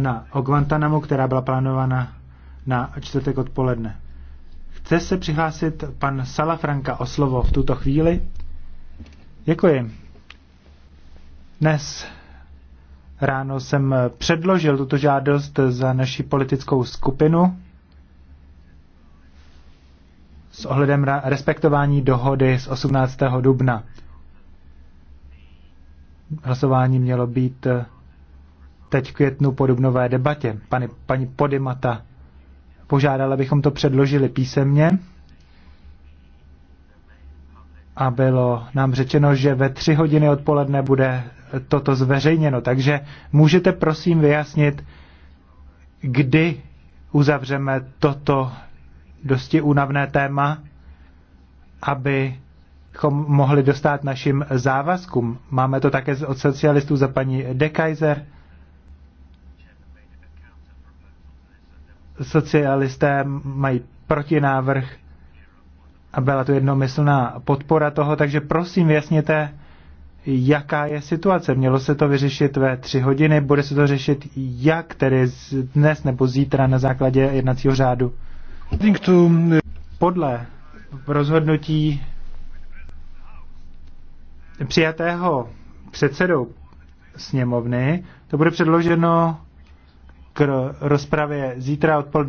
na o Guantanamo, která byla plánována na čtvrtek odpoledne. Chce se přihlásit pan Salafranka o slovo v tuto chvíli? Děkuji. Dnes ráno jsem předložil tuto žádost za naši politickou skupinu s ohledem na respektování dohody z 18. dubna. Hlasování mělo být teď v květnu po dubnové debatě. Pani, paní Podimata požádala, abychom to předložili písemně a bylo nám řečeno, že ve tři hodiny odpoledne bude toto zveřejněno. Takže můžete prosím vyjasnit, kdy uzavřeme toto dosti únavné téma, abychom mohli dostat našim závazkům. Máme to také od socialistů za paní De Kaiser. socialisté mají protinávrh a byla to jednomyslná podpora toho, takže prosím vyjasněte, jaká je situace. Mělo se to vyřešit ve tři hodiny, bude se to řešit jak, tedy dnes nebo zítra na základě jednacího řádu. Podle rozhodnutí přijatého předsedou sněmovny, to bude předloženo k rozpravě zítra odpoledne.